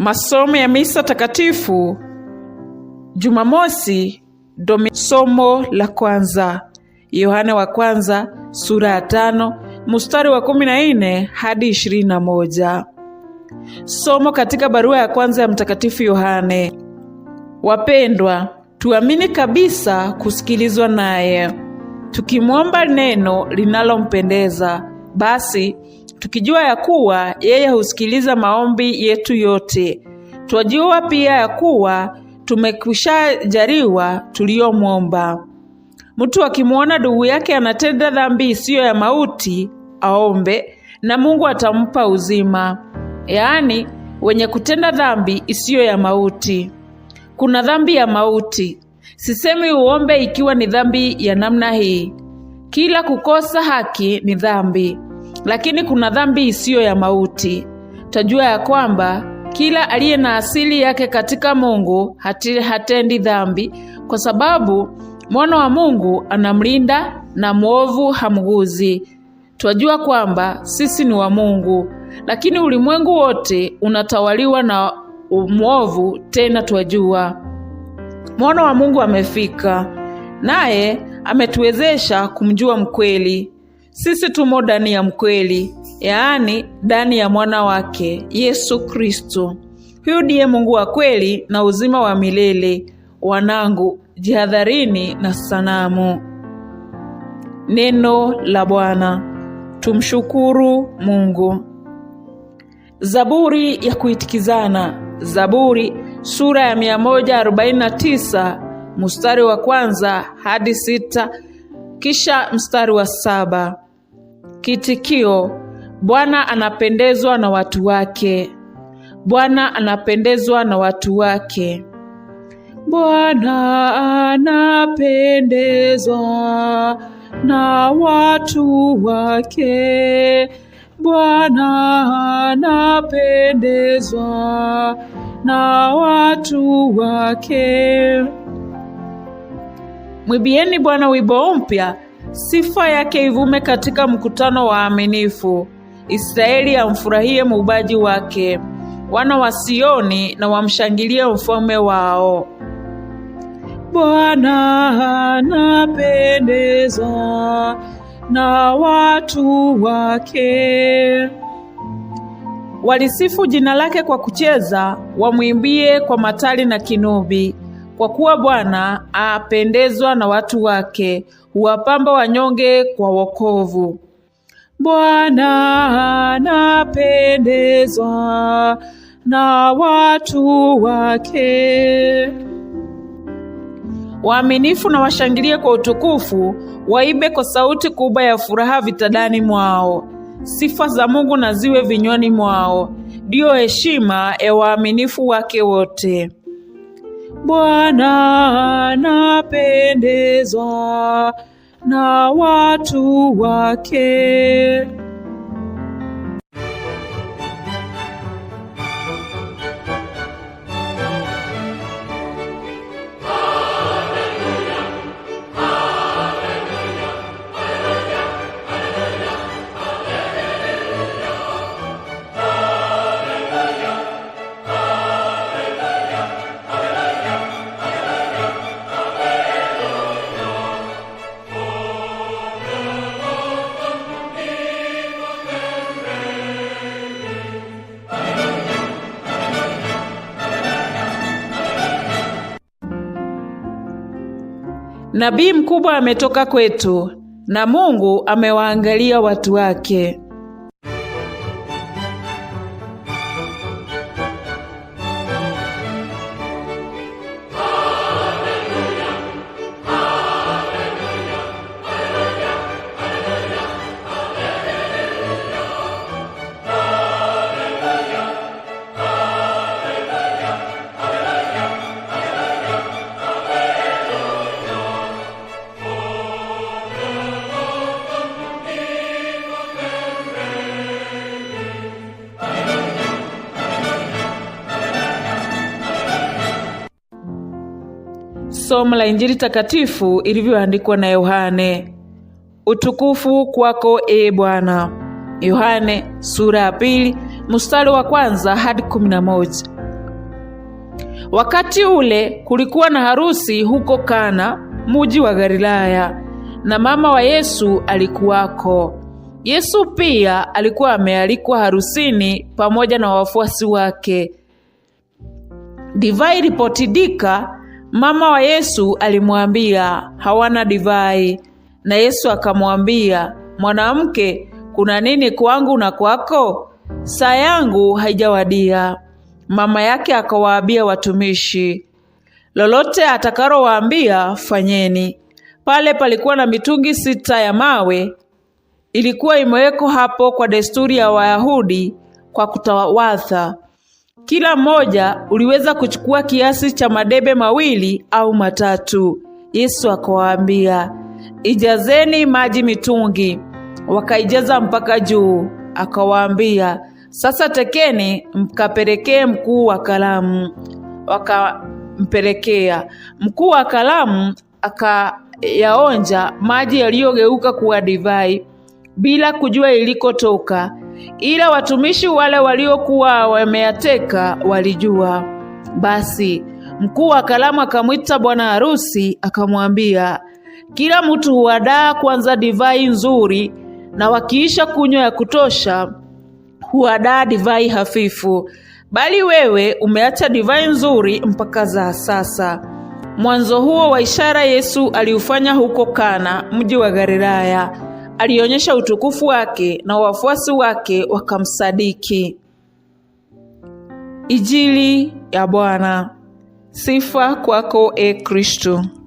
Masomo ya misa takatifu Jumamosi, domi. Somo la kwanza Yohane wa kwanza sura ya tano mstari wa kumi na nne hadi ishirini na moja. Somo katika barua ya kwanza ya mtakatifu Yohane. Wapendwa, tuamini kabisa kusikilizwa naye, tukimwomba neno linalompendeza basi tukijua ya kuwa yeye husikiliza maombi yetu yote. Twajua pia ya kuwa tumekushajaliwa tuliyomwomba. Mtu akimwona ndugu yake anatenda dhambi isiyo ya mauti, aombe na Mungu atampa uzima. Yaani, wenye kutenda dhambi isiyo ya mauti. Kuna dhambi ya mauti. Sisemi uombe ikiwa ni dhambi ya namna hii. Kila kukosa haki ni dhambi. Lakini kuna dhambi isiyo ya mauti. Tajua ya kwamba kila aliye na asili yake katika Mungu hati, hatendi dhambi, kwa sababu mwana wa Mungu anamlinda na mwovu hamguzi. Twajua kwamba sisi ni wa Mungu, lakini ulimwengu wote unatawaliwa na mwovu. Tena twajua mwana wa Mungu amefika, naye ametuwezesha kumjua mkweli sisi tumo ndani ya mkweli, yaani ndani ya mwana wake Yesu Kristo. Huyu ndiye Mungu wa kweli na uzima wa milele. Wanangu, jihadharini na sanamu. Neno la Bwana. Tumshukuru Mungu. Zaburi ya kuitikizana. Zaburi sura ya 149 mstari wa kwanza hadi sita kisha mstari wa saba, kitikio: Bwana anapendezwa na watu wake. Bwana anapendezwa na watu wake. Bwana anapendezwa na watu wake. Bwana anapendezwa na watu wake. Mwibieni Bwana wibo mpya, sifa yake ivume katika mkutano wa aminifu Israeli amfurahie muubaji wake, wana wa Sioni na wamshangilie mfalme wao. Bwana anapendezwa na watu wake. Walisifu jina lake kwa kucheza, wamwimbie kwa matari na kinubi. Kwa kuwa Bwana apendezwa na watu wake, huwapamba wanyonge kwa wokovu. Bwana anapendezwa na watu wake. Waaminifu na washangilie kwa utukufu, waibe kwa sauti kubwa ya furaha vitadani mwao. Sifa za Mungu na ziwe vinywani mwao, ndiyo heshima ya waaminifu wake wote. Bwana anapendezwa na watu wake. Nabii mkubwa ametoka kwetu na Mungu amewaangalia watu wake. Somo la Injili takatifu ilivyoandikwa na Yohane. Utukufu kwako e Bwana. Yohane sura ya pili mstari wa kwanza hadi kumi na moja. Wakati ule kulikuwa na harusi huko Kana, muji wa Galilaya, na mama wa Yesu alikuwako. Yesu pia alikuwa amealikwa harusini pamoja na wafuasi wake. Divai ilipotidika Mama wa Yesu alimwambia hawana divai, na Yesu akamwambia, mwanamke, kuna nini kwangu na kwako? Saa yangu haijawadia. Mama yake akawaambia watumishi, lolote atakalowaambia fanyeni. Pale palikuwa na mitungi sita ya mawe, ilikuwa imewekwa hapo kwa desturi ya Wayahudi kwa kutawadha kila mmoja uliweza kuchukua kiasi cha madebe mawili au matatu. Yesu akawaambia, ijazeni maji mitungi. Wakaijaza mpaka juu. Akawaambia, sasa tekeni mkapelekee mkuu wa kalamu Wakampelekea mkuu wa karamu, akayaonja maji yaliyogeuka kuwa divai bila kujua ilikotoka, ila watumishi wale waliokuwa wameyateka walijua. Basi mkuu wa karamu akamwita bwana harusi akamwambia, kila mtu huadaa kwanza divai nzuri, na wakiisha kunywa ya kutosha huadaa divai hafifu, bali wewe umeacha divai nzuri mpaka za sasa. Mwanzo huo wa ishara Yesu aliufanya huko Kana, mji wa Galilaya alionyesha utukufu wake na wafuasi wake wakamsadiki. ijili ya Bwana. Sifa kwako, e Kristo.